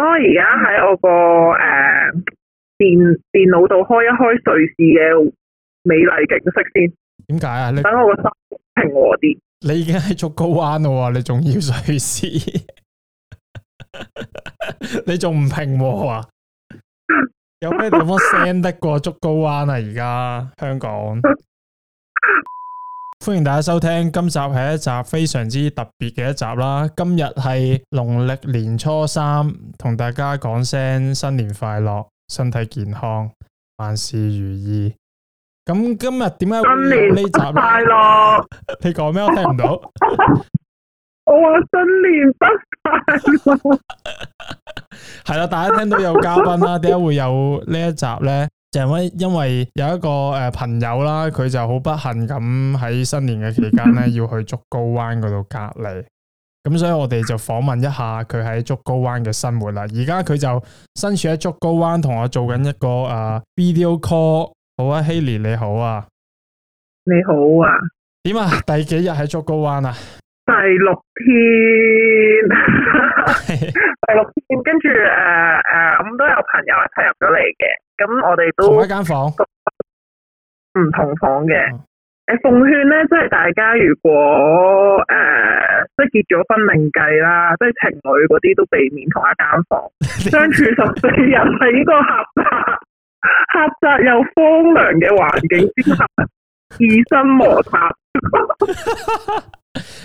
現在在我而家喺我個誒電電腦度開一開瑞士嘅美麗景色先。點解啊？你等我個心平和啲。你已經喺竹篙灣啦，你仲要瑞士？ 你仲唔平和 有有啊？有咩地方聲得過竹篙灣啊？而家香港。歡迎大家收聽，今集係一集非常之特別嘅一集啦！今日係農曆年初三，同大家講聲新年快樂，身體健康，萬事如意。咁今日點解會有呢集？新年不快樂。你講咩？我聽唔到。我話新年不快樂。係啦， 大家聽到有嘉賓啦，點解會有呢集呢一集咧？就因為有一個誒、呃、朋友啦，佢就好不幸咁喺新年嘅期間咧要去竹篙灣嗰度隔離，咁所以我哋就訪問一下佢喺竹篙灣嘅生活啦。而家佢就身處喺竹篙灣，同我做緊一個誒、呃、Video call。好啊，Haley 你好啊，你好啊，點啊？第幾日喺竹篙灣啊？第六天， 第六天，跟住，誒誒，我、呃、都、呃、有朋友一齊入咗嚟嘅。咁我哋都同，同一間房，唔同房嘅。誒，奉勸咧，即係大家如果誒、呃，即係結咗婚另計啦，即係情侶嗰啲都避免同一間房 相處十四日喺呢個狹窄、狹窄又荒涼嘅環境之下，自身摩擦。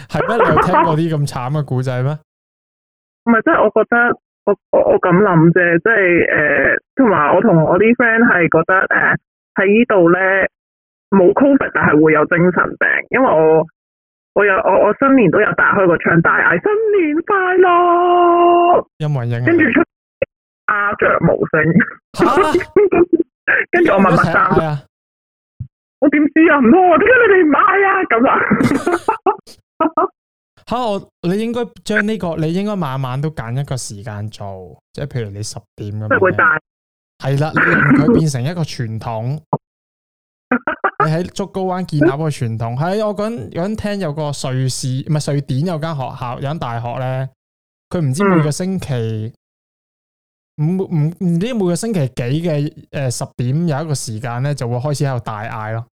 係咩？ 你有聽過啲咁慘嘅故仔咩？唔係，即係我覺得。我我咁諗啫，即係誒，同、呃、埋我同我啲 friend 係覺得誒，喺、呃、呢度咧冇 covid，但係會有精神病，因為我我有我我新年都有打開個窗大嗌新年快樂，有冇人應？跟住出鴉雀無聲，跟住我問默生，我點知啊？唔通我點解你哋唔買啊？咁 啊？ 吓我，Hello，你應該將呢個，你應該晚晚都揀一個時間做，即係譬如你十點咁樣，係啦帶，你令佢變成一個傳統。 你喺竹篙灣建立個傳統，喺我嗰陣嗰陣聽有個瑞士唔係瑞典有間學校，有間大學咧，佢唔知每個星期，唔唔唔知每個星期幾嘅、誒十點有一個時間咧，就會開始喺度大嗌咯。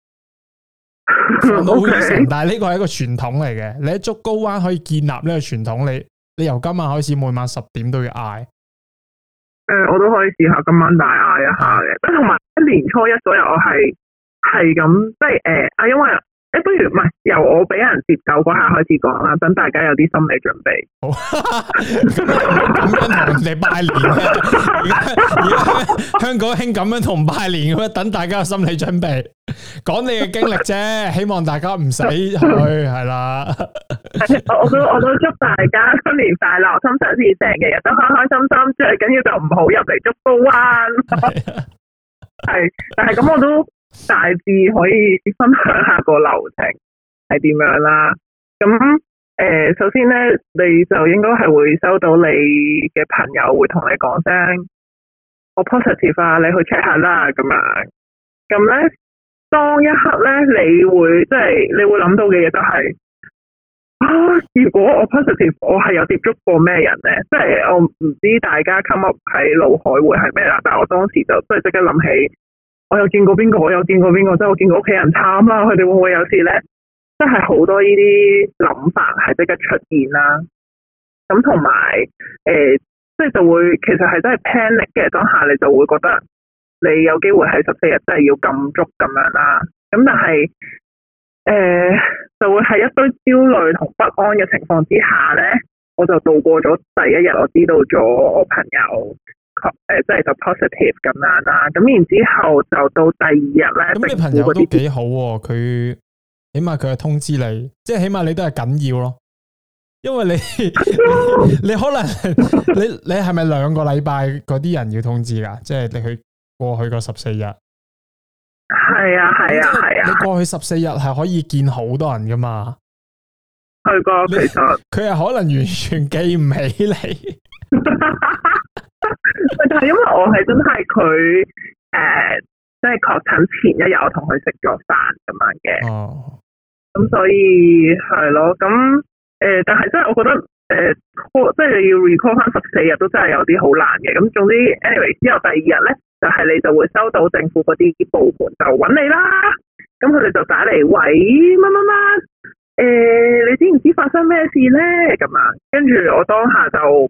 但係呢個係一個傳統嚟嘅。你喺竹篙灣可以建立呢個傳統，你你由今晚開始每晚十點都要嗌。誒、呃，我都可以試下今晚大嗌一下嘅。咁同埋年初一左右，我係係咁，即係誒、呃、啊，因為。誒，不如唔係由我俾人接走嗰下開始講啦，等大家有啲心理準備。咁樣同拜年， 而家而家香港興咁樣同拜年咁樣，等大家有心理準備，講你嘅經歷啫， 希望大家唔使去係啦 。我都我都祝大家新年快樂，心想事成，日日都開開心心，最緊要就唔好入嚟祝高彎。係， 但係咁我都。 大致可以分享下個流程係點樣啦。咁誒、呃，首先咧，你就應該係會收到你嘅朋友會同你講聲我 positive 啊，你去 check 下啦。咁樣，咁咧，當一刻咧，你會即係、就是、你會諗到嘅嘢就係、是、啊，如果我 positive，我係有接觸過咩人咧？即、就、係、是、我唔知大家 come up 喺腦海會係咩啦。但係我當時就即係即刻諗起。我有見過邊個，我有見過邊個，即係我見過屋企人慘啦，佢哋會唔會有事咧？即係好多呢啲諗法係即刻出現啦。咁同埋誒，即係就會其實係真係 panic 嘅當下，你就會覺得你有機會喺十四日真係要禁足咁樣啦。咁但係誒、呃，就會喺一堆焦慮同不安嘅情況之下咧，我就度過咗第一日，我知道咗我朋友。誒、嗯，即係個 positive 咁樣啦，咁然之後就到第二日咧。咁你朋友都幾好，佢起碼佢係通知你，即係起碼你都係緊要咯。因為你、啊、 你可能你你係咪兩個禮拜嗰啲人要通知噶？即係你去過去個十四日。係啊係啊係啊！你過去十四日係可以見好多人噶嘛？去過其實佢係可能完全記唔起你。 但係因為我係真係佢誒，即係確診前一日我同佢食咗飯咁樣嘅，咁、哦、所以係咯，咁誒、呃，但係真係我覺得誒，即、呃、係、就是、你要 recall 翻十四日都真係有啲好難嘅。咁總之，Anyway 之後第二日咧，就係、是、你就會收到政府嗰啲部門就揾你啦，咁佢哋就打嚟，喂乜乜乜，誒、呃，你知唔知道發生咩事咧？咁啊，跟住我當下就。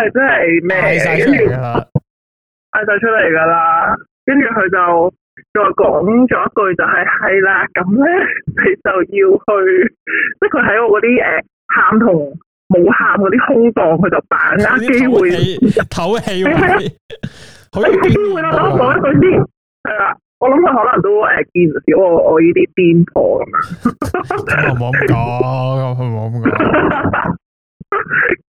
係真係咩？嗌晒出嚟啦，嗌晒後出嚟噶啦，跟住佢就再講咗一句就係、是：係啦、嗯，咁咧佢就要去，即係佢喺我嗰啲誒喊同冇喊嗰啲空檔，佢就把握機會，唞口氣。係啊，好機 的會啦，等我講一句先，係啦， 我諗佢可能都誒、呃、見少我我依啲癲婆咁啊。我唔講， 我唔講。 我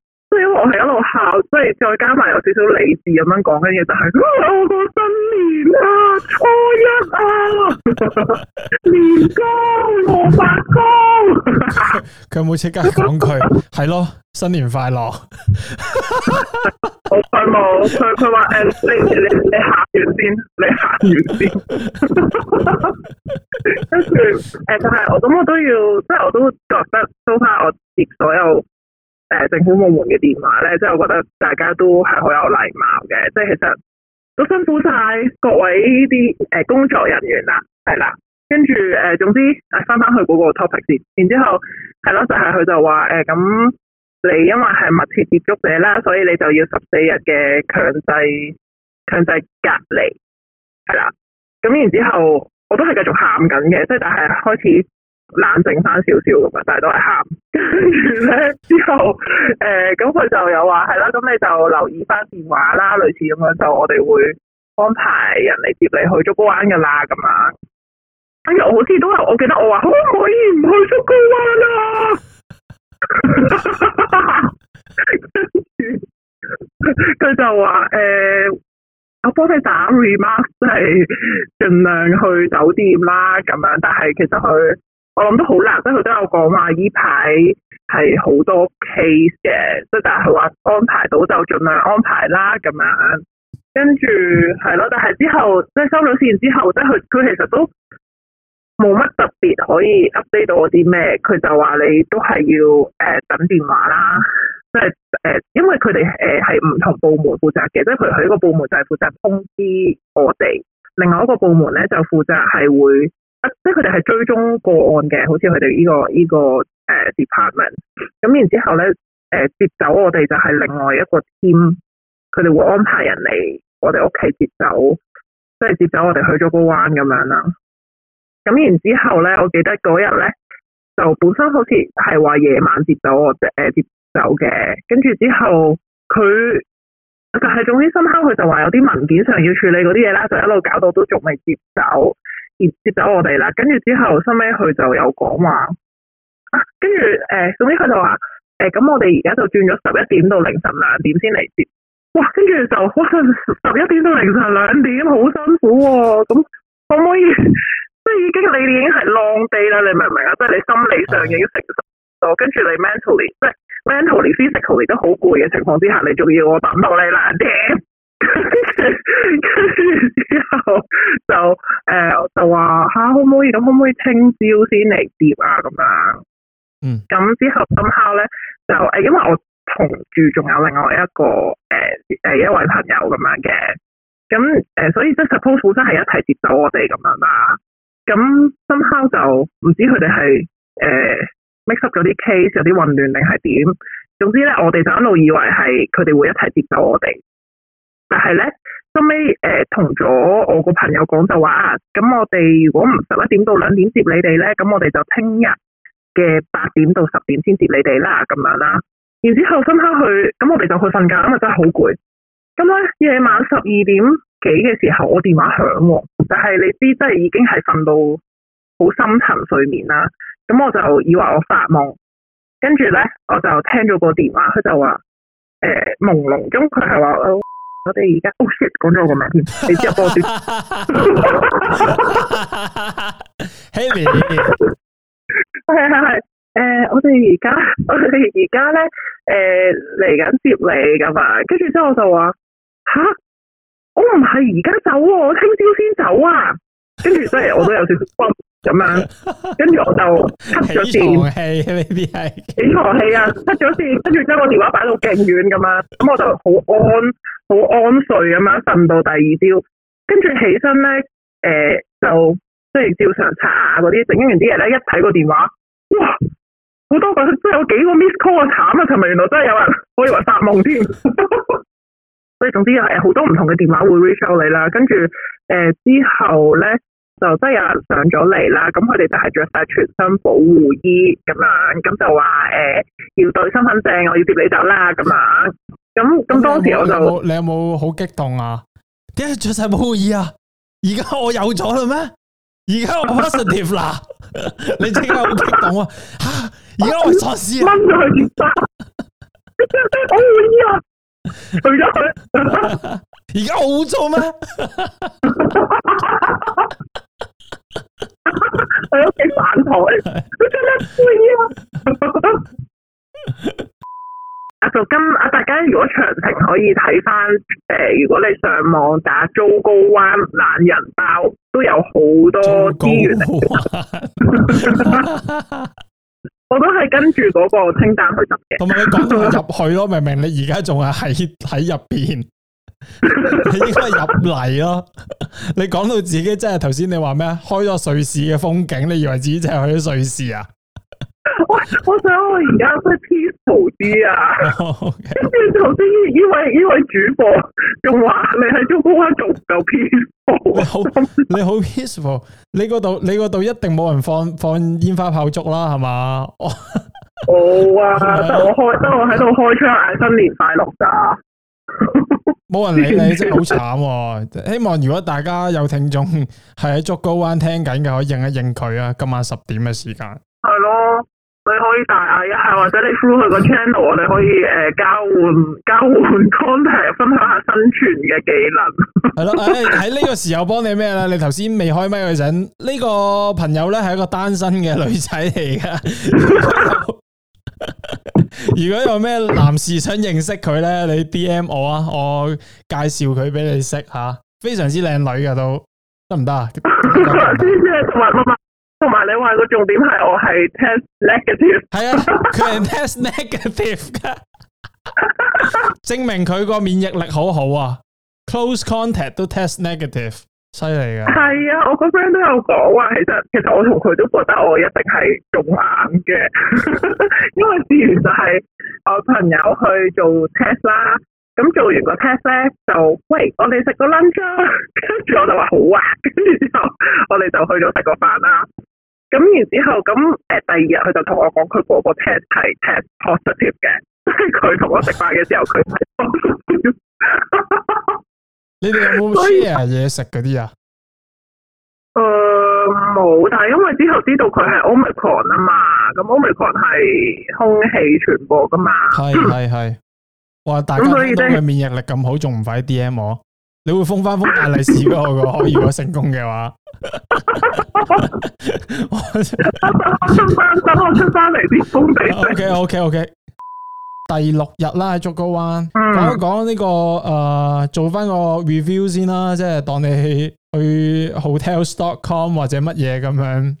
即係我係一路笑，即係再加埋有少少理智咁樣講嘅嘢，但、哎、係我過新年啊，初一啊，年糕，我發糕，佢有冇即刻講佢係咯？新年快樂、 哎 哎就是，我佢冇，佢佢話誒，你你你行完先，你行完先，跟住誒就係我咁，我都要，即係我都覺得都怕我接所有。誒政府部門嘅電話咧，即係我覺得大家都係好有禮貌嘅，即係其實都辛苦晒各位呢啲誒工作人員啦，係啦，跟住誒總之誒翻翻去嗰個 topic 先，然之後係咯，就係佢就話誒咁你因為係密切接觸者啦，所以你就要十四日嘅強制強制隔離係啦，咁然之後我都係繼續喊緊嘅，即係但係開始。冷靜翻少少噶嘛，但係都係喊。跟住咧之後，誒咁佢就有話係啦，咁你就留意翻電話啦，類似咁樣，就我哋會安排人嚟接你去竹篙灣噶啦，咁樣。哎呀，我好似都係，我記得我話可唔可以唔去竹篙灣啊？跟住佢就話，誒、呃，我幫你打 remark，即係盡量去酒店啦，咁樣。但係其實佢。我諗都好難，即係佢都有講話呢排係好多 case 嘅，即係但係佢話安排到就盡量安排啦咁樣，跟住係咯，但係之後即係收咗綫之後，即係佢佢其實都冇乜特別可以 update 到我啲咩，佢就話你都係要誒等電話啦，即係誒因為佢哋誒係唔同部門負責嘅，即係譬如佢一個部門就係負責通知我哋，另外一個部門咧，就負責係會。即係佢哋係追蹤個案嘅，好似佢哋呢個呢個誒 department。咁然之後咧，誒接走我哋就係另外一個 team。佢哋會安排人嚟我哋屋企接走，即係接走我哋去咗個灣咁樣啦。咁然之後咧，我記得嗰日咧，就本身好似係話夜晚接走我哋，誒接走嘅。跟住之後佢，但係總之，深刻佢就話有啲文件上要處理嗰啲嘢啦，就一路搞到都仲未接走。接走我哋啦，跟住之後，收尾佢就有講話，跟住誒，總之佢就話誒，咁、呃、我哋而家就轉咗十一點到凌晨兩點先嚟接，哇！跟住就好十一點到凌晨兩點，好辛苦喎、哦。咁可唔可以即係已經你已經係 long day 啦？你明唔明啊？即、就、係、是、你心理上嘅要成熟。到，跟住你 mentally 即係 mentally physically 都好攰嘅情況之下，你仲要我等到你兩點？Yeah. 跟住之後就誒、呃，就話吓、啊、可唔可以咁可唔可以聽朝先嚟接啊咁樣。嗯。咁之後深烤咧就誒，因為我同住仲有另外一個誒誒、呃呃、一位朋友咁樣嘅。咁誒、呃，所以即係 suppose 真係一齊接走我哋咁樣啦。咁深烤就唔知佢哋係誒 mix up 咗啲 case 有啲混亂定係點。總之咧，我哋就一路以為係佢哋會一齊接走我哋。但係咧，後尾誒同咗我個朋友講就話啊，咁我哋如果唔十一點到兩點接你哋咧，咁我哋就聽日嘅八點到十點先接你哋啦，咁樣啦。然之後，深刻去咁我哋就去瞓覺，咁啊真係好攰。咁咧夜晚十二點幾嘅時候，我電話響，但係你知真係已經係瞓到好深層睡眠啦。咁我就以為我發夢，跟住咧我就聽咗個電話，佢就話誒、呃、朦朧中，佢係話。我哋而家，講、oh、咗我個名，你接我住。係咪？係係係。誒、呃，我哋而家，我哋而家咧，誒，嚟緊接你㗎嘛？跟住之後我就話，吓，我唔係而家走，我聽朝先走啊。跟住真係我都、啊、 有少少暈。咁樣、啊，跟住我就 cut 咗電，氣呢啲係起床氣啊 cut 咗電，跟住將個電話擺到勁遠咁樣，咁我就好安好安睡咁樣瞓到第二朝，跟住起身咧，誒、呃，就即係、就是、照常查嗰啲，整完啲嘢咧，一睇個電話，哇，好多個，即係有幾個 miss call 慘啊，慘啊！琴日原來真係有人，我以為發夢添。所以總之啊，好、呃、多唔同嘅電話會 reach 到你啦，跟住誒之後咧。就真係上咗嚟啦，咁佢哋戴着晒全身保護衣咁樣，咁就話誒、欸、要對身份證，我要接你走啦，咁啊，咁咁當時我就你有冇好激動啊？點解着晒保護衣啊？而家我有咗啦咩？而家我 positive 啦？ 你即刻好激動啊！吓，而家我喪屍掹咗佢件衫，保護衣啊，去咗去，而家我有咗咩？ 佢屋企反台，佢真係衰啊！阿杜金，阿大家，如果詳情可以睇翻，誒、呃，如果你上網打《糟糕灣懶人包》，都有好多資源。我都係跟住嗰個清單去執嘅。同埋你講到入去咯， 明明你而家仲係喺喺入邊。 你應該入嚟咯！你講到自己，即係頭先你話咩啊？開咗瑞士嘅風景，你以為自己真係去咗瑞士啊？我我想我而家都 peaceful 啲啊！跟住頭先呢位呢位主播仲話你喺中國做唔夠 peaceful。你好，你好 peaceful。你嗰度你度一定冇人放放煙花炮竹啦，係嘛？我 冇、哦、啊！即係 有我開，即 我喺度開槍，嗌新年快樂㗎。 冇人理你真係好慘，希望如果大家有聽眾係喺竹篙灣聽緊嘅，可以認一認佢啊！今晚十點嘅時間係咯，你可以大嗌一下，或者你 follow 佢個 channel，我哋可以誒、呃、交換交換 contact，分享一下生存嘅技能。係咯，喺、哎、呢個時候幫你咩啦？你頭先未開咪嗰陣，呢、這個朋友咧係一個單身嘅女仔嚟㗎。 如果有咩男士想認識佢咧，你 DM 我啊，我介紹佢俾你識吓，非常之靚女噶，都得唔得？同埋同埋同埋，你話個重點係我係 test negative，係啊，佢係 test negative 噶，證明佢個免疫力好好啊，close contact 都 test negative。犀利啊，係啊！我個 friend 都有講話，其實其實我同佢都覺得我一定係仲硬嘅， 因為自然就係我朋友去做 test 啦，咁做完個 test 咧就喂，我哋食個 lunch 啦，跟 住我就話好啊，跟住之後我哋就去咗食個飯啦。咁然之後咁誒，第二日佢就同我講佢嗰個 test 係 test positive 嘅，即係佢同我食飯嘅時候佢係 你哋有冇 share 嘢食嗰啲啊？誒、呃，冇，但係因為之後知道佢係 omicron 啊嘛，咁 omicron 係空氣傳播噶嘛。係係係，哇！大家對佢免疫力咁好，仲唔快啲 dm 我？你會封翻封大利是畀我個？可 如果成功嘅話， 我出翻出翻嚟封工地。O K O K O K。第六日啦，喺竹篙灣，咁講呢個誒、呃，做翻個 review 先啦，即係當你去 hotels.com 或者乜嘢咁樣，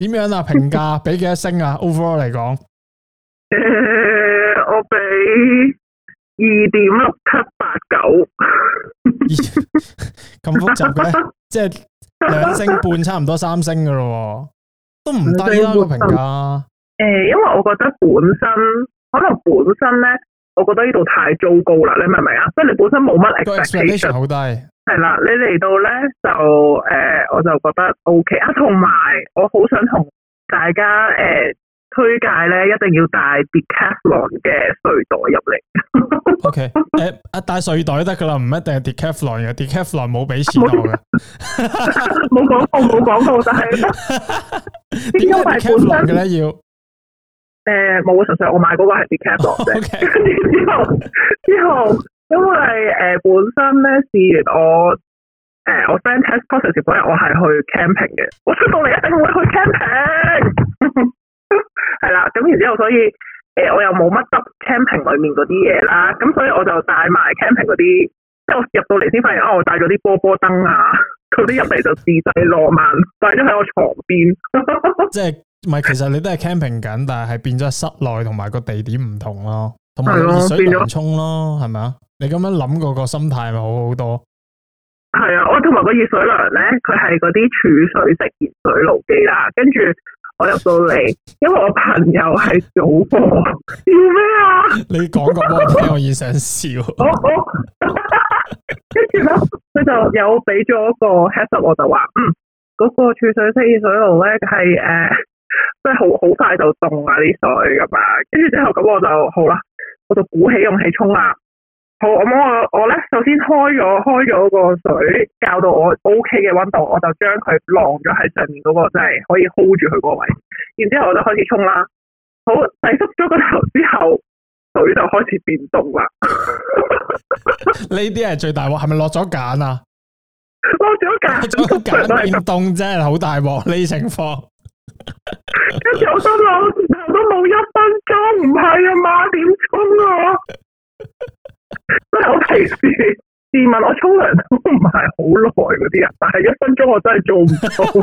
點樣啊？評價俾幾多星啊？overall 嚟講、呃，我俾二點六七八九咁複雜嘅， 即係兩星半差唔多三星噶咯、啊，都唔低啦個評價。誒、呃，因為我覺得本身。可能本身咧，我覺得呢度太糟糕啦，你明唔明啊？即係你本身冇乜 expectation，好低係啦。你嚟到咧就誒、呃，我就覺得 OK 啊。同埋我好想同大家誒、呃、推介咧，一定要帶 Decathlon 嘅睡袋入嚟。OK 誒啊，帶睡袋得噶啦，唔一定係 Decathlon 嘅 Decathlon 冇俾錢我嘅，冇講過，冇講過，但係點解本身咧要？誒，冇、呃，純粹我買嗰個係啲 Cap 嘅，跟住之後之後，因為誒、呃、本身咧試完我誒、呃、我 f e n d t e s y 嗰日我係去 camping 嘅，我出到嚟一定會去 camping，係啦，咁 然之後所以誒、呃、我又冇乜執 camping 裏面嗰啲嘢啦，咁所以我就帶埋 camping 嗰啲，即係我入到嚟先發現哦，我帶咗啲波波燈啊，佢啲入嚟就自製浪漫，擺咗喺我床邊， 即係。唔係，其實你都係 camping 緊，但係係變咗室內同埋個地點唔同咯，同埋熱水能沖咯，係咪啊？你咁樣諗嗰、那個心態咪好好多？係啊，我同埋個熱水涼咧，佢係嗰啲儲水式熱水爐機啦。跟住我入到嚟，因為我朋友係早課，要咩 啊？你講咁多，我以想笑呢。跟住咧，佢就有俾咗個 heads 我就話，嗯，嗰、那個儲水式熱水爐咧係誒。即係好好快就凍啊啲水咁嘛。跟住之後咁我就好啦，我就鼓起勇氣沖啦。好，我我我咧，首先開咗開咗個水，校到我 O K 嘅温度，我就將佢晾咗喺上面嗰個即係可以 hold 住佢嗰個位。然之後我就開始沖啦。好，洗濕咗個頭之後，水就開始變凍啦。呢啲係最大鑊，係咪落咗梘啊？落咗梘，落咗梘變凍真係，好大鑊呢情況。一有得扭頭都冇一分鐘，唔係啊嘛？點沖啊？有提示，自 問我沖涼都唔係好耐嗰啲人，但係一分鐘我真係做唔到。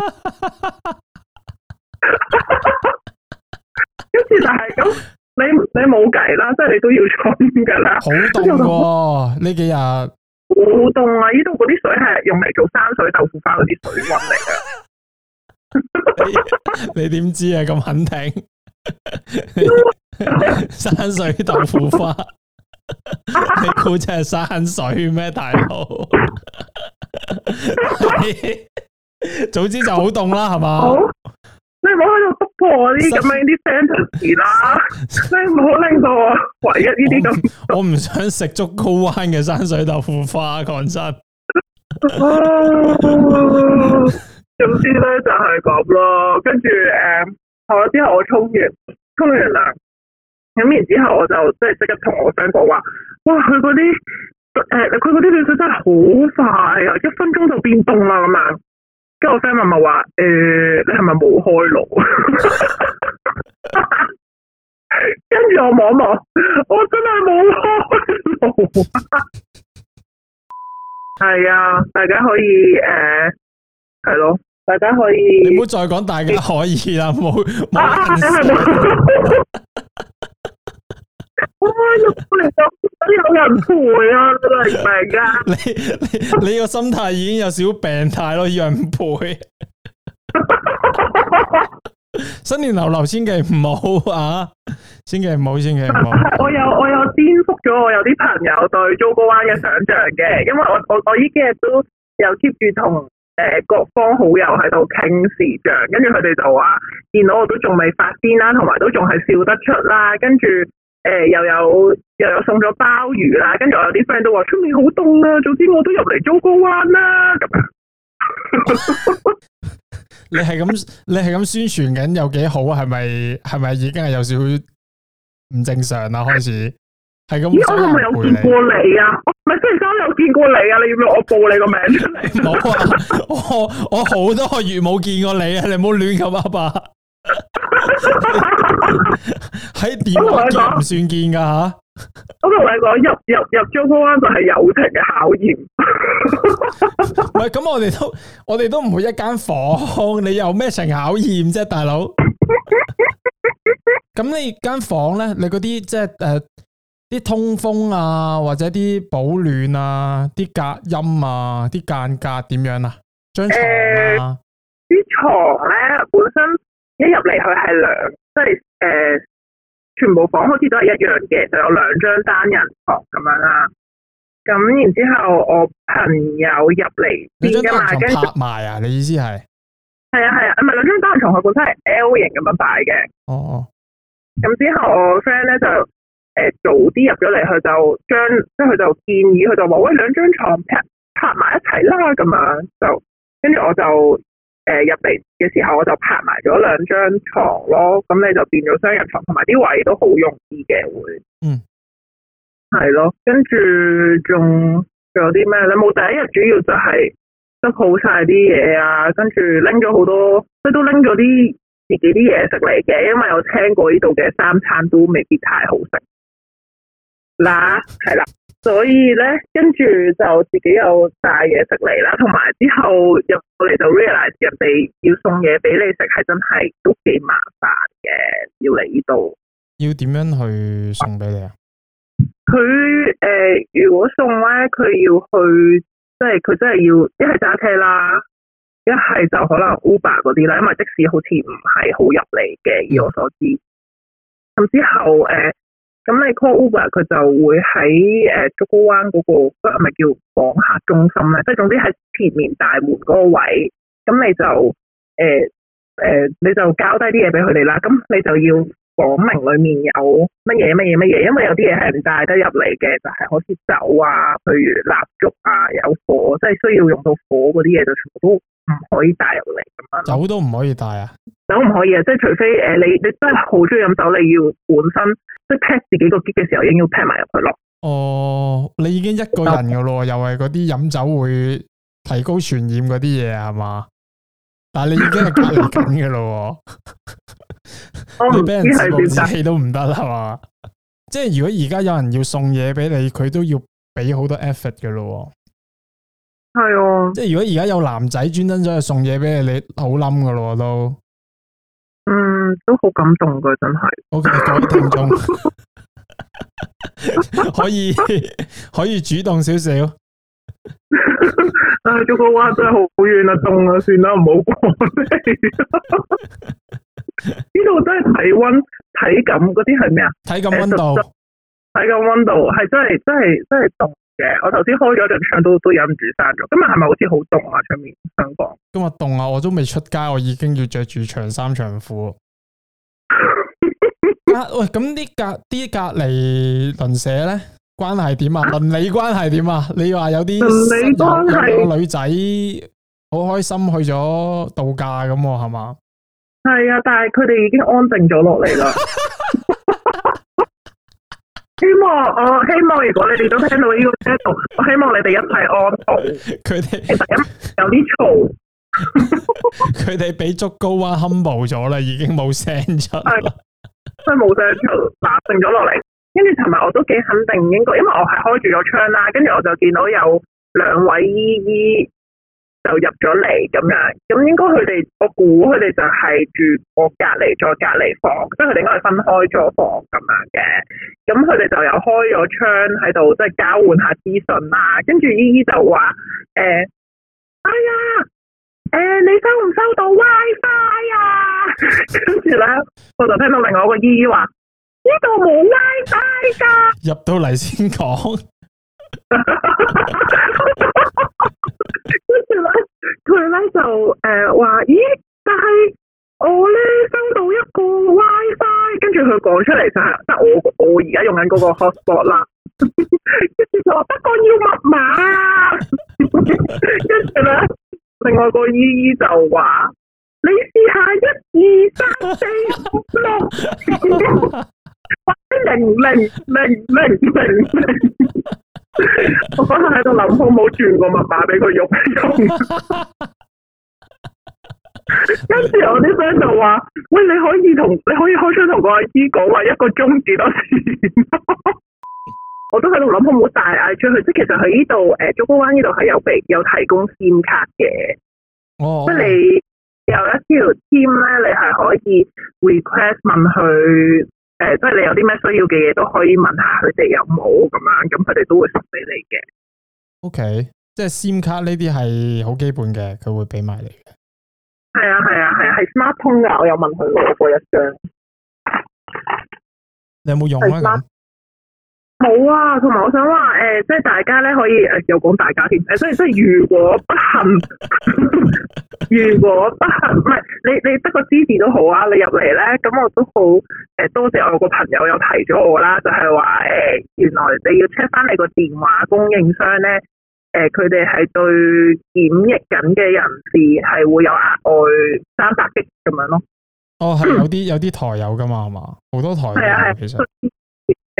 跟住 就係咁，你你冇計啦，即係你都要沖噶啦。好凍喎，呢幾日好凍啊！呢度嗰啲水係用嚟做山水豆腐花嗰啲水温嚟噶。 你點知啊？咁肯定，山水豆腐花，你估真係山水咩，大佬？早知就好凍啦，係嘛？你唔好喺度督破我呢啲咁樣啲 fans 啦！你唔好令到我唯一呢啲咁，我唔想食竹篙灣嘅山水豆腐花，講真。總之咧就係咁咯，跟住誒，好、嗯、啦之後我沖完沖完涼，飲完之後我就即係即刻同我 friend 講話，哇佢嗰啲誒佢嗰啲暖水真係好快啊，一分鐘就變凍啦咁樣，跟住我 friend 咪話誒你係咪冇開爐？跟 住 我望一望，我真係冇開爐。係 啊，大家可以誒係、呃、咯。大家可以，你唔好再講大家可以啦，唔好。啊， 啊，你係咪？哇，六百零九，有有人陪啊？你明唔明啊？你你你個心態已經有少病態咯，有人陪？啊啊、新年流流千祈唔好啊！千祈唔好，千祈唔好。我有我有顛覆咗我有啲朋友對珠江灣嘅想象嘅，因為我我我呢幾日都有 keep 住同。誒，各方好友喺度傾視像，跟住佢哋就話見到我都仲未發癲啦，同埋都仲係笑得出啦，跟住誒又有又有送咗鮑魚啦，跟住我有啲 friend 都話出面好凍啊，早知我都入嚟做個彎啦。咁你係咁你係咁宣傳緊有幾好啊？係咪係咪已經係有少少唔正常啦？開始。係咁，咦我係冇有，有見過你啊？唔係，真係真有見過你啊？你要唔要我報你個名出嚟？唔好話我，我好多個月冇見過你啊！你唔好亂咁啊，爸。喺電話見唔算見噶吓。我同你講入入入珠江灣就係友情嘅考驗。喂，咁我哋都我哋都唔會一間房，你又咩成考驗啫、啊，大佬？咁 你間房咧，你嗰啲即係誒。呃啲通風啊，或者啲保暖啊，啲隔音啊，啲間隔點樣啊？張床啊？啲、呃、床咧本身一入嚟佢係兩即係誒，全部房好似都係一樣嘅，就有兩張單人床咁樣啦。咁然之後我朋友入嚟邊噶嘛，跟住拍埋啊？其實你意思係？係啊係啊，唔係兩張單人床佢本身係 L 型咁樣擺嘅。哦哦。咁之後我 friend 咧就。誒，早啲入咗嚟，佢就將即係佢就建議，佢就話：喂，兩張床拍拍埋一齊啦，咁樣就跟住我就誒入嚟嘅時候，我就拍埋咗兩張床咯。咁你就變咗雙人床，同埋啲位都好容易嘅，會嗯係咯。跟住仲仲有啲咩？你冇第一日主要就係執好晒啲嘢啊，跟住拎咗好多，即都拎咗啲自己啲嘢食嚟嘅，因為我聽過呢度嘅三餐都未必太好食。嗱，係 啦，啦，所以咧，跟住就自己有帶嘢食嚟啦，同埋之後入嚟就 realize 人哋要送嘢俾你食，係真係都幾麻煩嘅，要嚟呢度。要點樣去送俾你啊？佢誒、呃，如果送咧，佢要去，即係佢真係要一係揸車啦，一係就可能 Uber 嗰啲啦，因為的士好似唔係好入嚟嘅，嗯、以我所知。咁之後誒。呃咁你 call over 佢就會喺誒竹篙灣嗰個，係咪叫房客中心咧，即係總之喺前面大門嗰個位置。咁你就誒誒、欸欸，你就交低啲嘢俾佢哋啦。咁你就要講明裡面有乜嘢乜嘢乜嘢，因為有啲嘢係唔帶得入嚟嘅，就係好似酒啊，譬如蠟燭啊，有火，即係需要用到火嗰啲嘢就全部都，唔可以帶入嚟咁樣，酒都唔可以帶啊！酒唔可以啊，即係除非誒、呃，你你真係好中意飲酒，你要本身即係劈自己個 kit 嘅時候，一定要劈埋入去咯。哦，你已經一個人噶咯，又係嗰啲飲酒會提高傳染嗰啲嘢係嘛？但係你已經係隔離緊噶咯， 你俾人自暴自棄都唔得啦嘛！即係 如果而家有人要送嘢俾你，佢都要俾好多 effort 噶咯。係哦，即係如果而家有男仔專登走去送嘢俾你，你好冧噶咯都，嗯，都好感動噶，真係，OK，好感動， 可以可以主動少少， 啊，做、這個話真係好遠啊，凍啊，算啦，唔好過，呢度真係體温、體感嗰啲係咩啊？體感温度，體感温度係真係真係真係凍。我頭先開咗陣窗都都忍唔住閂咗。今日係咪好似好凍啊？出面香港今日凍啊！我都未出街，我已經要着住長衫長褲、 啊。喂！咁啲隔啲隔籬鄰舍咧，關係點啊？鄰里關係點啊？你話有啲鄰里關係，有有女仔好開心去咗度假咁，係嘛？係啊，但係佢哋已經安靜咗落嚟啦。 希望我、哦、希望如果你哋都聽到呢個 channel 我希望你哋一齊安撫佢哋。佢哋其實有有啲嘈，佢哋俾足高溫 comfort 咗啦，已經冇聲出了，係冇聲出，壓靜咗落嚟。跟住尋日我都幾肯定應該，應該因為我係開住咗窗啦。跟住我就見到有兩位姨姨。就入咗嚟咁樣，咁應該佢哋，我估佢哋就係住我隔籬咗隔籬房，即係佢哋應該係分開咗房咁樣嘅。咁佢哋就又開咗窗喺度，即係交換下資訊啦。跟住姨姨就話：誒，哎呀，誒，你收唔收到 WiFi 啊？跟住咧，我就聽到另外一個姨姨話：呢度冇 WiFi 噶。入到嚟先講。來 跟住咧，佢咧 就誒話、呃，咦？但係我咧收到一個 WiFi，跟住佢講出嚟就係、是，即我我而家用緊嗰個 Hotspot 啦。跟 住就話，不過要密碼、啊。跟住咧，另外個姨姨就話，你試下一二三四五六，零零零零零零。我嗰陣喺度諗，好冇轉個密碼俾佢用？用 跟住我啲 friend 就話，喂，你可以同你可以開窗同個阿姨講話一個鐘幾多錢？ 我都喺度諗，好冇大嗌出去。即係其實佢呢度，誒、呃，竹篙灣呢度係有備有提供 t 卡嘅。哦,即係你有一條 team 咧，你係可以 request 問佢。誒，即係你有啲咩需要嘅嘢，都可以問下佢哋有冇咁樣，咁佢哋都會送俾你嘅。O、okay, K，即係 SIM 卡呢啲係好基本嘅，佢會俾埋你嘅。係啊係啊係啊，係、啊、Smart 通嘅，我有問佢攞過一張。你有冇用啊？咧？冇啊，同埋我想話誒、呃，即係大家咧可以誒、呃，又講大家添，誒，所以所以如果不幸， 如果不幸，唔係你你得個支持都好啊，你入嚟咧，咁我都好誒，多謝我個朋友又提咗我啦，就係話誒，原來你要 check 翻你個電話供應商咧，誒、呃，佢哋係對檢疫緊嘅人士係會有額外三百 G 咁樣咯。哦，係有啲有啲台有噶嘛，係嘛？ 好多台係啊，其實。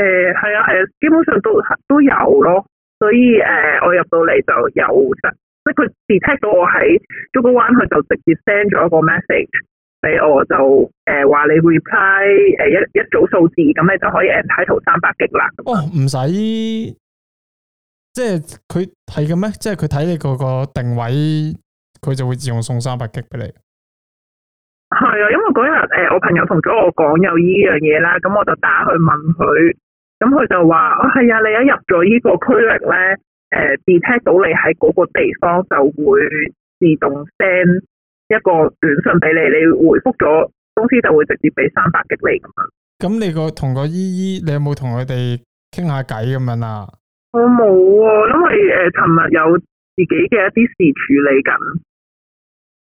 誒係、呃、啊，誒基本上都都有咯，所以誒、呃、我入到嚟就有，就即係佢 detect 到我喺 j 竹篙灣，佢就直接 send 咗個 message 俾我，就誒話、呃、你 reply 誒、呃、一一組數字，咁你就可以 a 睇圖三百 G 啦。哦，唔使，即係佢睇嘅咩？即係佢睇你嗰個定位，佢就會自動送三百 G 俾你。係啊，因為嗰日誒我朋友同咗我講有依樣嘢啦，咁我就打去問佢。咁佢就話，係、哎、啊，你一入咗呢個區域咧，誒、呃，detect 到你喺嗰個地方就會自動 send 一個短信俾你，你回覆咗，公司就會直接俾三百激你噶嘛。咁你個同個姨姨，你有冇同佢哋傾下偈咁樣啊？我冇啊，因為誒，尋日有自己嘅一啲事處理緊，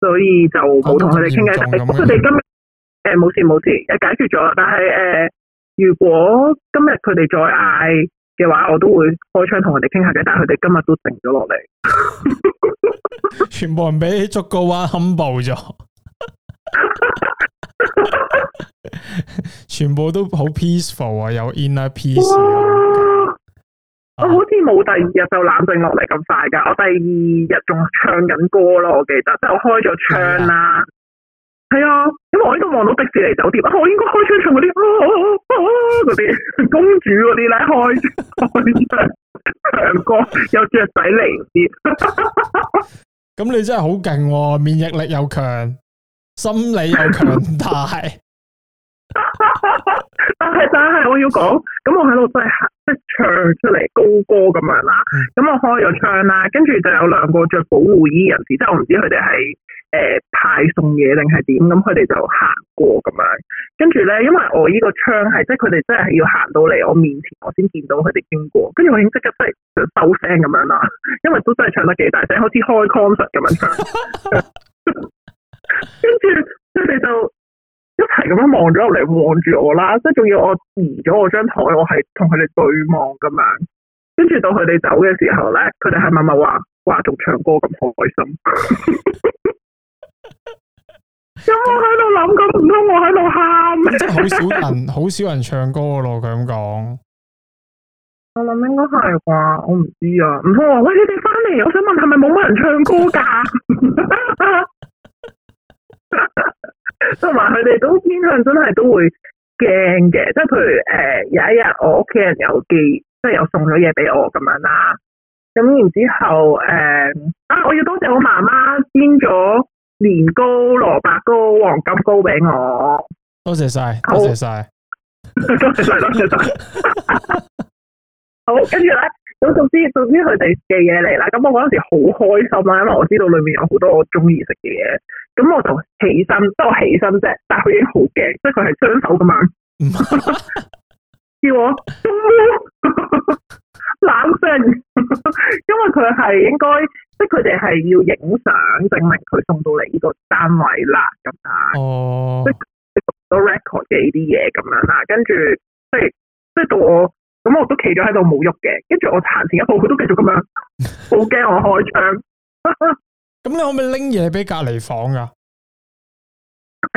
所以就冇同佢哋傾偈。佢哋今日誒冇事冇事，誒解決咗，但係誒。呃如果今日佢哋再嗌嘅話，我都會開窗同佢哋傾下偈。但係佢哋今日都停咗落嚟， 全部人俾足個彎，冚怖咗，全部都好 peaceful 啊，有 inner peace 啊。我好似冇第二日就冷靜落嚟咁快噶，我第二日仲唱緊歌咯，我記得即係我開咗窗啦。係啊，咁我喺度望到迪士尼酒店，我應該開窗唱嗰啲啲公主嗰啲咧，開開唱 歌，有雀仔嚟啲。咁 你真係好勁，免疫力又強，心理又強大。係，但係但係我要講，咁我喺度真係即係唱出嚟高歌咁樣啦，咁、嗯、我開咗窗啦，跟住就有兩個着保護衣人士，即係我唔知佢哋係。誒、呃，派送嘢定係點？咁佢哋就行過咁樣，跟住咧，因為我呢個窗係，即係佢哋真係要行到嚟我面前，我先見到佢哋經過。跟住我已經即刻即係收聲咁樣啦，因為都真係唱得幾大聲，好似開 concert 咁樣唱。跟住， 佢哋就一齊咁樣望咗入嚟，望住我啦。即係仲要我移咗我張台，我係同佢哋對望咁樣。跟住到佢哋走嘅時候咧，佢哋係默默話，話仲唱歌咁開心。 有我喺度諗？咁唔通我喺度喊？即係好少人，好少人唱歌咯。佢咁講，我諗應該係啩，我唔知啊。唔通話喂，你哋翻嚟？我想問，係咪冇乜人唱歌噶？同埋佢哋都偏向真係都會驚嘅，即係譬如，誒，有一日我屋企人有寄，即係有送咗嘢俾我咁樣啦。咁然之後，誒，啊，我要多謝我媽媽煎咗。年糕、蘿蔔糕、黃金糕俾我，多謝晒謝，多謝晒，多謝晒啦，多謝晒。好，跟住咧，咁 總之，總之佢哋嘅嘢嚟啦。咁我嗰陣時好開心啦，因為我知道裏面有好多我中意食嘅嘢。咁我同起身，即係我起身啫。但係佢已經好驚，即係佢係雙手咁樣， 叫我。 冷聲， 因為佢係應該，即係佢哋係要影相證明佢送到嚟呢個單位啦，咁啊、oh.，即係即係 record 嘅呢啲嘢咁樣啦。跟住即係即係到我，咁我都企咗喺度冇喐嘅。跟住我殘前一步，佢都繼續咁樣，好驚我開槍。咁 你可唔可以拎嘢俾隔離房㗎？誒、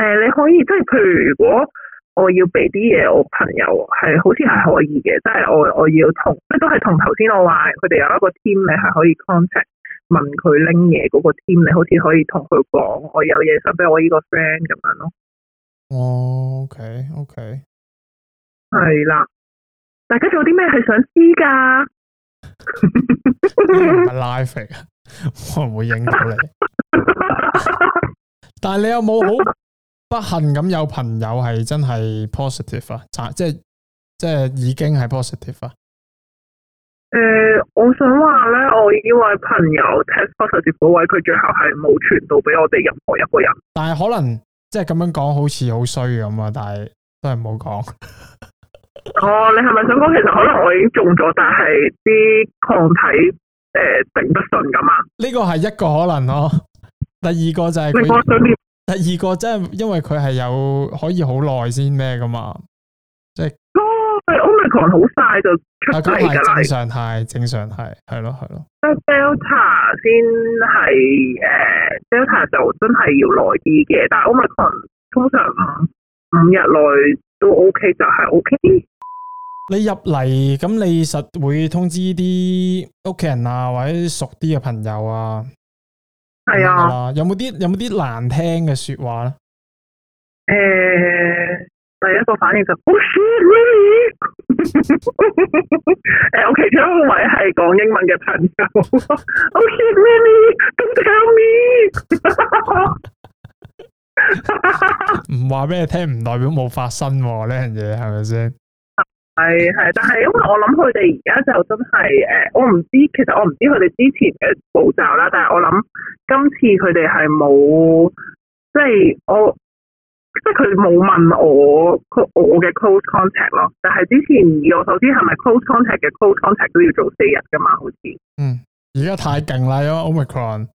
呃，你可以，即係譬如如果。我要俾啲嘢我朋友，係好似係可以嘅，即係我我要同，都係同頭先我話佢哋有一個 team 你係可以 contact，問佢拎嘢嗰個 team 你好似可以同佢講，我有嘢想俾我依個 friend 咁樣咯。哦，OK，OK，係啦，大家仲有啲咩係想知噶？live 啊！我唔會影到你， 但係你有冇好？不幸咁有朋友係真係 positive 啊，即係即係已經係 positive 啊。誒、呃，我想話咧，我呢位朋友 test positive，不過佢最後係冇傳到俾我哋任何一個人。但係可能即係咁樣講，好似好衰咁啊！但係都係冇講。哦，你係咪想講，其實可能我已經中咗，但係啲抗體誒頂、呃、得順咁啊？呢個係一個可能咯、哦。第二個就係佢第二個真係，因為佢係有可以好耐先咩噶嘛，即係哦，係 omicron 好快就出嚟。正常係，正常係，係咯，係咯。即係 Delta 先係誒、uh，Delta 就真係要耐啲嘅，但係、oh、omicron 通常五五日內都 OK 就係、是、OK。你入嚟咁，你實會通知啲屋企人啊，或者熟啲嘅朋友啊。係啊，有冇啲有冇啲難聽嘅說話咧？誒、欸，第一個反應就是，誒、oh，屋企窗位係講英文嘅朋友，唔話、 oh、 俾你聽，唔代表冇發生呢樣嘢，係咪先？是係係，但係因為我諗佢哋而家就真係誒、呃，我唔知，其實我唔知佢哋之前嘅步驟啦。但係我諗今次佢哋係冇，即係我即係佢冇問我，我嘅 close contact 咯。但係之前我首先係咪 close contact 嘅 close contact 都要做四日噶嘛？好似嗯，而家太勁啦，因為 Omicron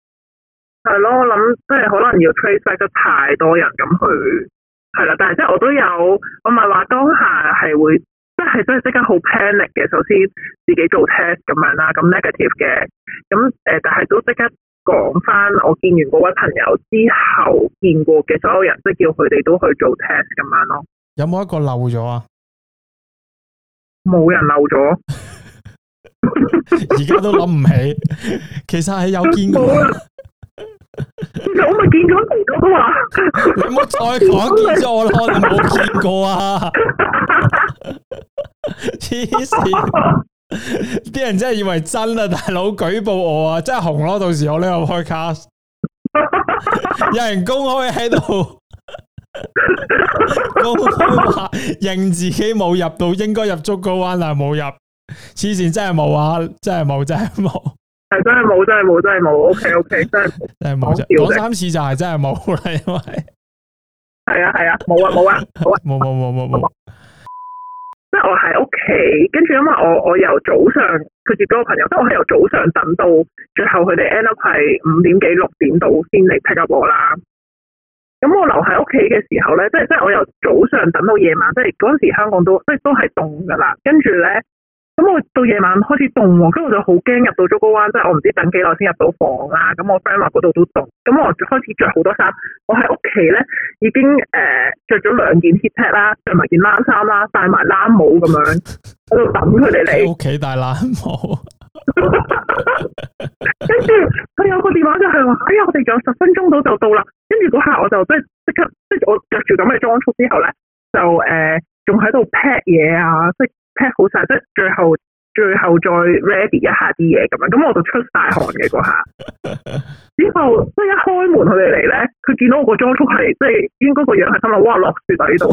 係咯，我諗即係可能要 trace 得太多人咁去係啦。但係即係我都有，我咪係話當下係會。即係真係即刻好 panic 嘅，首先自己做 test 咁樣啦，咁 negative 嘅，咁誒，但係都即刻講翻，我見完嗰位朋友之後，見過嘅所有人，即係叫佢哋都去做 test 咁樣咯。有冇一個漏咗啊？冇人漏咗，而家 都諗唔起。其實係有見過。 其實我咪見咗咯，你冇再講見咗咯，過你冇 見過啊？黐線，啲人真係以為真啦，大佬舉報我啊，真係紅咯。到時我呢度開 cast，有人公開喺度公開話認自己冇入到，應該入足嗰彎，但係冇入，黐線，真係冇啊，真係冇真係冇，係真係冇真係冇真係冇。OK OK，真係真係冇啫，講三次就係真係冇啦，因為係啊係啊冇啊冇啊冇冇冇冇冇。即係我喺屋企，跟住因為我我由早上佢接咗個朋友，即係我係由早上等到最後佢哋 end up 係五點幾六點到先嚟睇咗我啦。咁我留喺屋企嘅時候咧，即係即係我由早上等到夜晚，即係嗰陣時香港都即係都係凍噶啦，跟住咧。咁我到夜晚開始凍、啊，跟住我就好驚入到竹篙灣，即、就、係、是、我唔知道等幾耐先入到房啦、啊。咁我 friend 話嗰度都凍，咁我開始着好多衫。我喺屋企咧已經誒着咗兩件 heat pack 啦，着埋件冷衫啦，戴埋冷帽咁樣喺度等佢哋嚟。屋企戴冷帽， 跟住佢有個電話就係、是、話：哎呀，我哋仲有十分鐘到就到啦。跟住嗰刻我就即係即刻，即係我着住咁嘅裝束之後咧，就誒仲喺度 pack 嘢啊，即係。劈好曬，即係最後最後再 ready 一下啲嘢咁樣，咁我就出晒汗嘅嗰下。之後即係一開門佢哋嚟咧，佢見到我個裝束係即係應該個樣係心諗，哇，落雪喺度。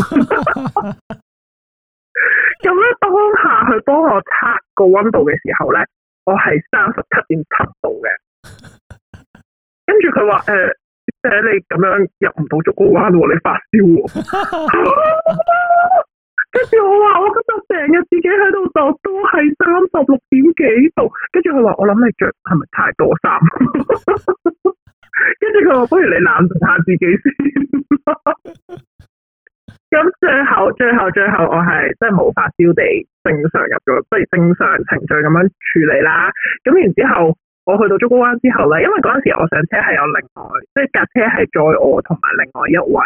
咁咧當下佢幫我測個溫度嘅時候咧，我係三十七點七度嘅。跟住佢話誒，你咁樣入唔到逐個彎度、啊，你發燒喎、啊。 跟住我話，我今日成日自己喺度度都係三十六點幾度，跟住佢話，我諗你着係咪太多衫？跟住佢話，不如你冷靜下自己先。咁 最後最後最後我係真係冇法招發燒地，正常入咗，不如正常程序咁樣處理啦。咁然之後我去到竹篙灣之後咧，因為嗰陣時候我上車係有另外，即係架車係載我同埋另外一位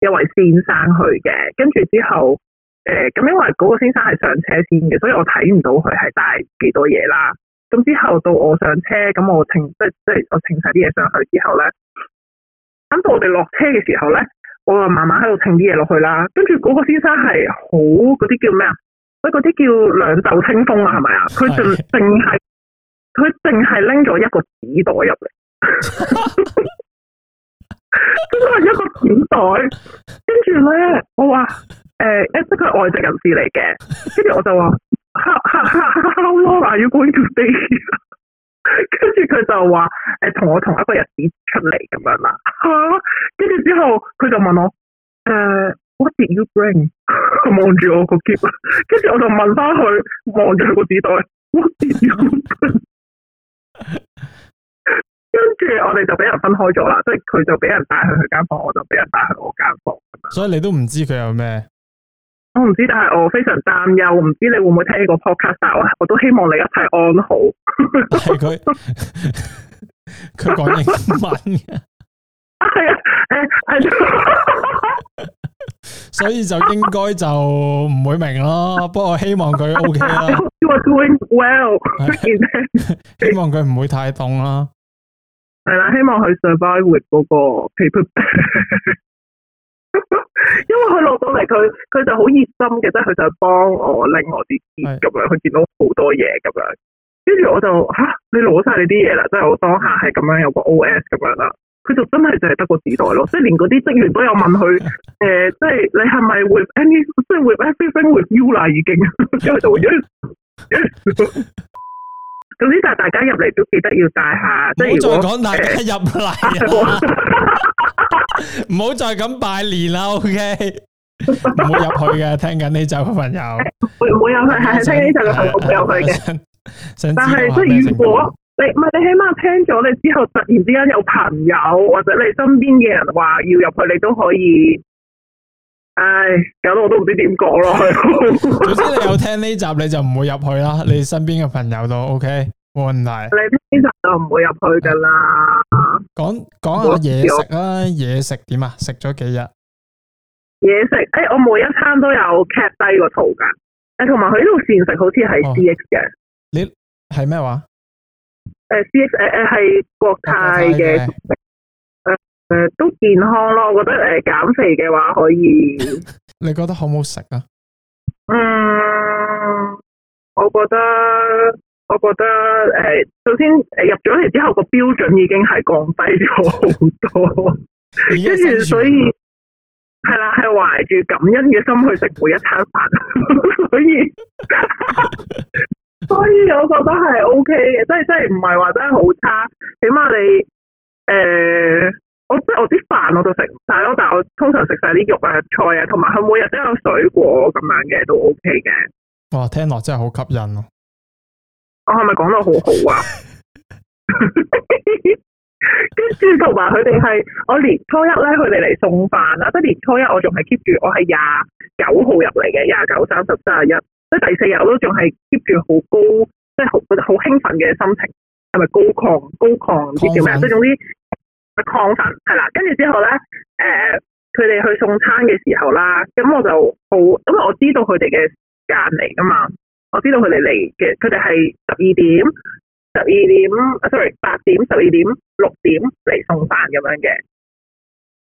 一位先生去嘅，跟住之後。誒，咁、呃、因為嗰個先生係上車先嘅，所以我睇唔到佢係帶幾多嘢啦。咁之後到我上車，咁我請即係即係我請晒啲嘢上去之後咧，等到我哋落車嘅時候咧，我就慢慢喺度請啲嘢落去啦。跟住嗰個先生係好嗰啲叫咩啊？喂，嗰啲叫兩袖清風啊，係咪啊？佢淨淨係佢淨係拎咗一個紙袋入嚟，真係 一個紙袋。跟住咧，我話。誒，因為佢係外籍人士嚟嘅，跟住我就話 ，how how how how long are you going to stay？跟住佢就話，誒、呃，同我同一個日子出嚟咁樣啦。跟、啊、住之後，佢就問我，誒、呃、what did you bring？佢望住我個篋，跟住我就問翻佢，望住佢個紙袋，what did you bring？跟住 我哋就俾人分開咗啦，即係佢就俾人帶去佢間房，我就俾人帶去我間房。所以你都唔知佢有咩？我唔知，但係我非常擔憂，唔知你會唔會聽呢個 podcast 啊？我都希望你一齊安好。但係 佢，佢講英文嘅。係啊，係啊。所以就應該就唔會明咯。 不過我希望佢 OK 啦。I hope you are doing well 希，希望佢唔會太凍啦。係啦，希望佢 survive 嗰個 period 因為佢落的到嚟，佢佢就好熱心嘅，即係佢就幫我拎我啲嘢咁樣，佢見到好多嘢咁樣，跟住我就吓，你攞晒你啲嘢啦，即係我當下係咁樣有個 O S 咁樣啦，佢就真係就係得個紙袋咯，即係連嗰啲職員都有問佢，誒、 呃，即係你係咪會 any 即係會 everything with you 啦，已經，因為就咁，咁呢？但係大家入嚟都記得要帶下，唔好再講大家入嚟。呃 唔好 再咁拜年啦，OK？唔好入去嘅，聽緊呢集嘅朋友，唔好入去，係想聽呢集嘅朋友唔好入去嘅。我想但係即係如果你唔係你起碼聽咗你之後，突然之間有朋友或者你身邊嘅人話要入去，你都可以。唉，搞到我都唔知點講囉。總之 你有聽呢集，你就唔會入去啦。你身邊嘅朋友都 OK。換嚟，你聽日就唔會入去噶啦。講講下嘢食啦，嘢食點啊？食咗幾日？嘢食，誒、欸，我每一餐都有 cap 低個圖噶。誒、欸，同埋佢呢度膳食好似係 C X 嘅，哦。你係咩話？誒、呃、C X，誒、呃、誒，係國泰嘅。誒誒、呃呃，都健康咯，我覺得誒，減肥嘅話可以。 你覺得好唔好食啊？嗯，我覺得。我覺得誒、呃，首先誒入咗嚟之後個標準已經係降低咗好多，跟住 所以係啦，係懷住感恩嘅心去食每一餐飯， 所以 所以我覺得係 O K 嘅，即係即係唔係話真係好差，起碼你誒、呃，我即係我啲飯我都食唔晒咯，但係我通常食晒啲肉啊、菜啊，同埋佢每日都有水果咁樣嘅都 O K 嘅。哇，聽落真係好吸引咯、啊、～我係咪講得好好啊？跟住同埋佢哋係我年初一咧，佢哋嚟送飯啦。即係年初一我仲係 keep 住，我係廿九號入嚟嘅，廿九、三十、三十一，即係第四日我都仲係 keep 住好高，即係好好興奮嘅心情，係咪高亢高亢唔知叫咩？即係總之亢奮係啦。跟住之後咧，誒、呃，佢哋去送餐嘅時候啦，咁我就好，因為我知道佢哋嘅時間嚟噶嘛。我知道佢哋嚟嘅，佢哋係十二點、十二點，sorry，八點、十二點、六點嚟送飯咁樣嘅。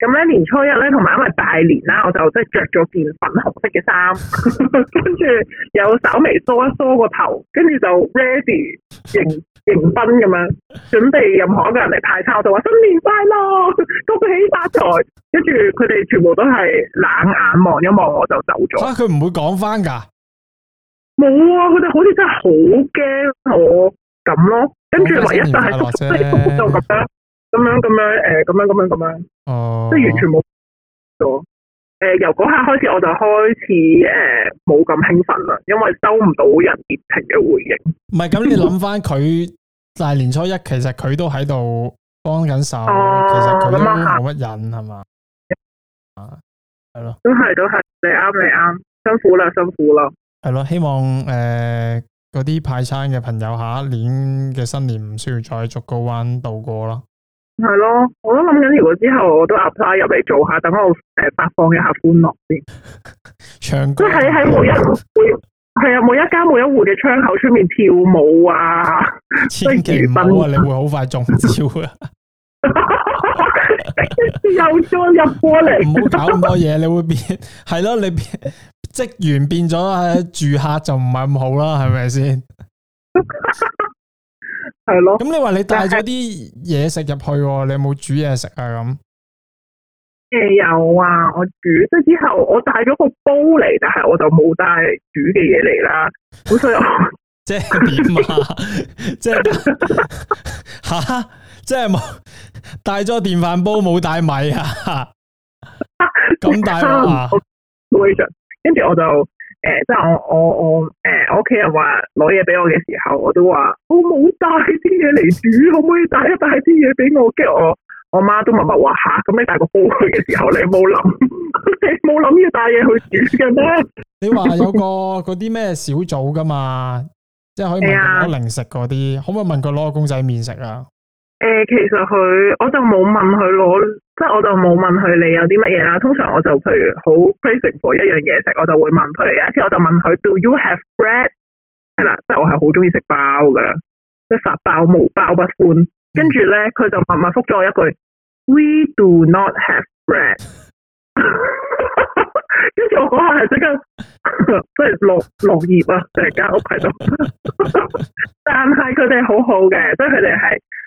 咁咧年初一咧，同埋因為大年啦，我就即係着咗件粉紅色嘅衫，跟住 有稍微梳一梳個頭，跟住就 ready 迎迎賓咁樣，準備任何一個人嚟派鈔，我就話新年快樂，恭喜發財。跟住佢哋全部都係冷眼望一望，我就走咗。啊！佢唔會講翻噶。冇啊！佢哋好似真係好驚我咁咯，跟住唯一就係就覺得，咁樣咁樣誒，咁樣咁樣咁樣，即係、哦、完全冇誒，由嗰刻開始我就開始誒冇咁興奮啦，因為收唔到人熱情嘅回應。唔係咁，你諗翻佢大年初一，其實佢都喺度幫緊手，哦、其實佢都冇乜癮，係嘛，嗯？啊吧，係咯，都係都係，你啱你啱，辛苦啦辛苦啦。係咯，希望誒嗰啲派餐嘅朋友下一年嘅新年唔需要再逐個彎度過啦。係咯，我都諗緊，如果之後我都 apply 入嚟做下，等我誒發放一下歡樂先。唱歌喺喺每一戶係啊， 每一間每一戶嘅窗口出面跳舞啊，千祈唔好啊， 你會好快中招啊！ 又再入過嚟，唔好搞咁多嘢，你會變，係咯， 你變。職員變咗住客就唔係咁好啦，係咪先？係咯 的。咁你話你帶咗啲嘢食入去，你有冇煮嘢食啊？咁誒有啊，我煮咗之後我帶咗個煲嚟，但係我就冇帶煮嘅嘢嚟啦。好犀利，即係點啊？即係吓，即係冇帶咗電飯煲，冇帶米啊？咁大啊？位跟住我就誒，即、呃、係我我我誒，我屋企、呃、人話攞嘢俾我嘅時候，我都話我冇帶啲嘢嚟煮，可唔可以帶一帶啲嘢俾我？跟住我我媽都默默話吓，咁、啊、你帶個煲去嘅時候，你冇諗，冇諗要帶嘢去煮嘅咩？你話有個嗰啲咩小組噶嘛，即係可以問佢攞零食嗰啲， 可唔可以問佢攞個公仔麵食啊？誒，其實佢我就冇問佢攞，即係我就冇問佢你有啲乜嘢啦。通常我就譬如好 craving for 一樣嘢食，我就會問佢。有一次我就問佢，Do you have bread？係啦，即係我係好中意食包噶，即係食包無包不歡。跟住咧，佢就默默覆咗我一句，We do not have bread。跟 住我嗰下係即刻，即 係落落葉啊！成間屋喺度， 但係佢哋好好嘅，即係佢哋係。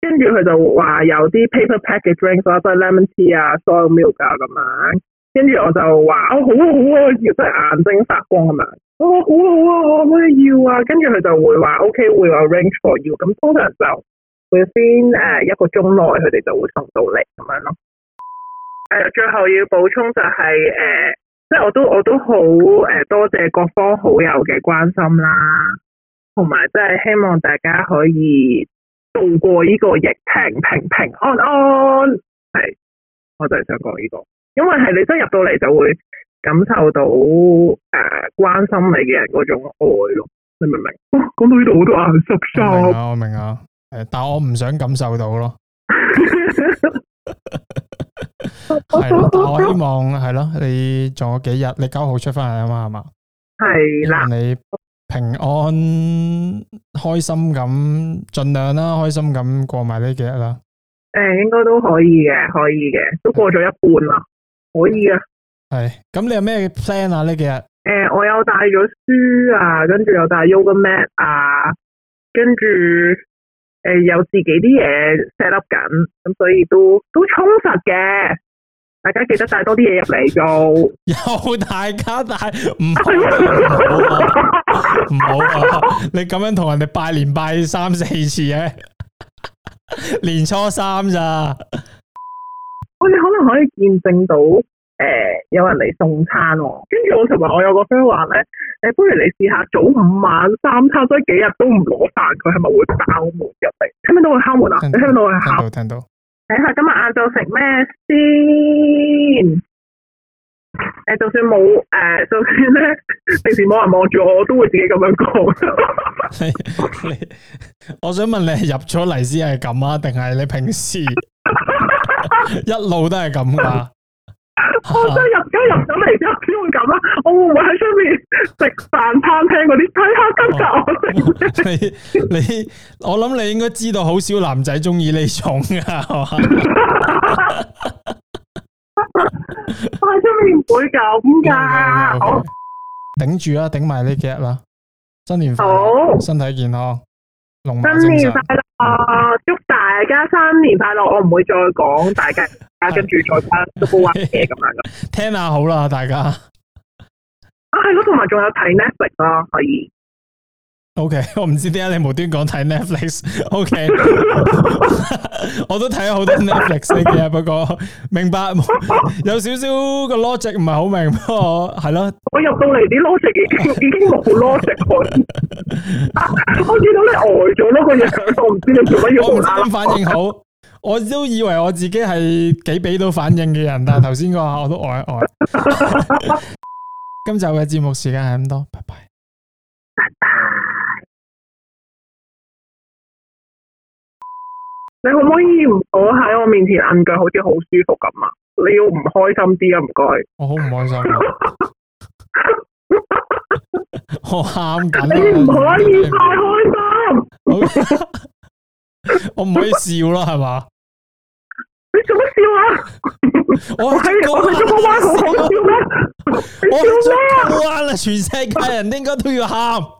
跟住佢就話有啲 paper pack 嘅 drinks 啊，即係 lemon tea 啊，soy milk 啊咁樣。跟住我就話哦，好啊好啊，要即係眼睛發光咁樣。哦，好啊好啊，我要啊。跟住佢就會話 ，OK，會 arrange for you。咁通常就會先誒一個鐘內，佢哋就會送到嚟咁樣咯。誒， uh, 最後要補充就係、是、誒，uh, 即係我都我都好誒，uh, 多謝各方好友嘅關心啦，同埋即係希望大家可以，度過呢個疫情平平平安安，係、嗯，我就係想講呢、這個，因為係你真入到嚟就會感受到誒、呃、關心你嘅人嗰種愛咯，你明唔、哦、明？講到呢度好多眼濕濕。啊，我明啊，誒，但我唔想感受到咯。係但我希望係咯，你仲有幾日，你九號出翻嚟啊嘛，係嘛？係啦，你。平安開心咁盡量啦，開心咁過埋呢幾日啦。誒，應該都可以嘅，可以嘅，都過咗一半啦，可以嘅。係，咁你有咩 plan 啊？呢幾日？誒、呃，我有帶咗書啊，跟住有帶 yoga mat 啊，跟住誒、呃、有自己啲嘢 set up 緊，咁所以都都充實嘅。大家記得帶多啲嘢入嚟，做。有 大家帶唔好唔好啊！你咁樣同人哋拜年拜三四次嘅，啊，年初三咋？我你可能可以見證到誒，有人嚟送餐。跟住我同埋我有個 friend 話咧，誒，不如你試下早五晚三餐，所以幾日都唔攞飯，佢係咪會敲門入嚟？聽唔聽到佢敲門啊？你聽唔聽到啊？聽到聽到。睇下今日晏晝食咩先？誒、欸，就算冇誒、呃，就算咧，平時冇人望住我，我都會自己咁樣講。我想問你係入咗嚟先係咁啊？定係你平時一路都係咁啊？ 我想、哦、入咗，入咗嚟之後點會咁啊？我會唔會喺出面食飯餐廳嗰啲睇下金夾、哦、你，你我諗你應該知道好少男仔中意呢種噶，喺出面唔會咁噶。我頂住啦，頂埋呢幾日啦，新年好，哦、身體健康，龍年大。啊、呃，祝大家新年快樂！我唔會再講、 啊， 大家跟住再翻都好玩嘅咁樣咯。聽下好啦，大家啊，係咯，同埋仲有睇 Netflix 啦，可以。OK，我唔知點解你無端講睇。Netflix。OK，我都睇咗好多 Netflix 呢啲啊，不過明白，有少少個 logic 唔係好明，不過係咯。我入到嚟，啲 logic 已經已經冇 logic。我見到你呆咗咯，個人，我唔知你做乜嘢。我唔敢反應好，我都以為我自己係幾俾到反應嘅人，但係頭先個話我都呆一呆。今集嘅節目時間係咁多，拜拜。你可唔可以唔好我喺我面前按腳好似好舒服咁啊？你要唔開心啲啊？唔該，我好唔開心， 我喊緊，你唔可以太開心，我唔可以笑啦，係 嗎嘛？你做乜笑啊？我係 我做乜話好笑咩？ 我笑咩啊？笑彎啦！全世界人應該都要喊。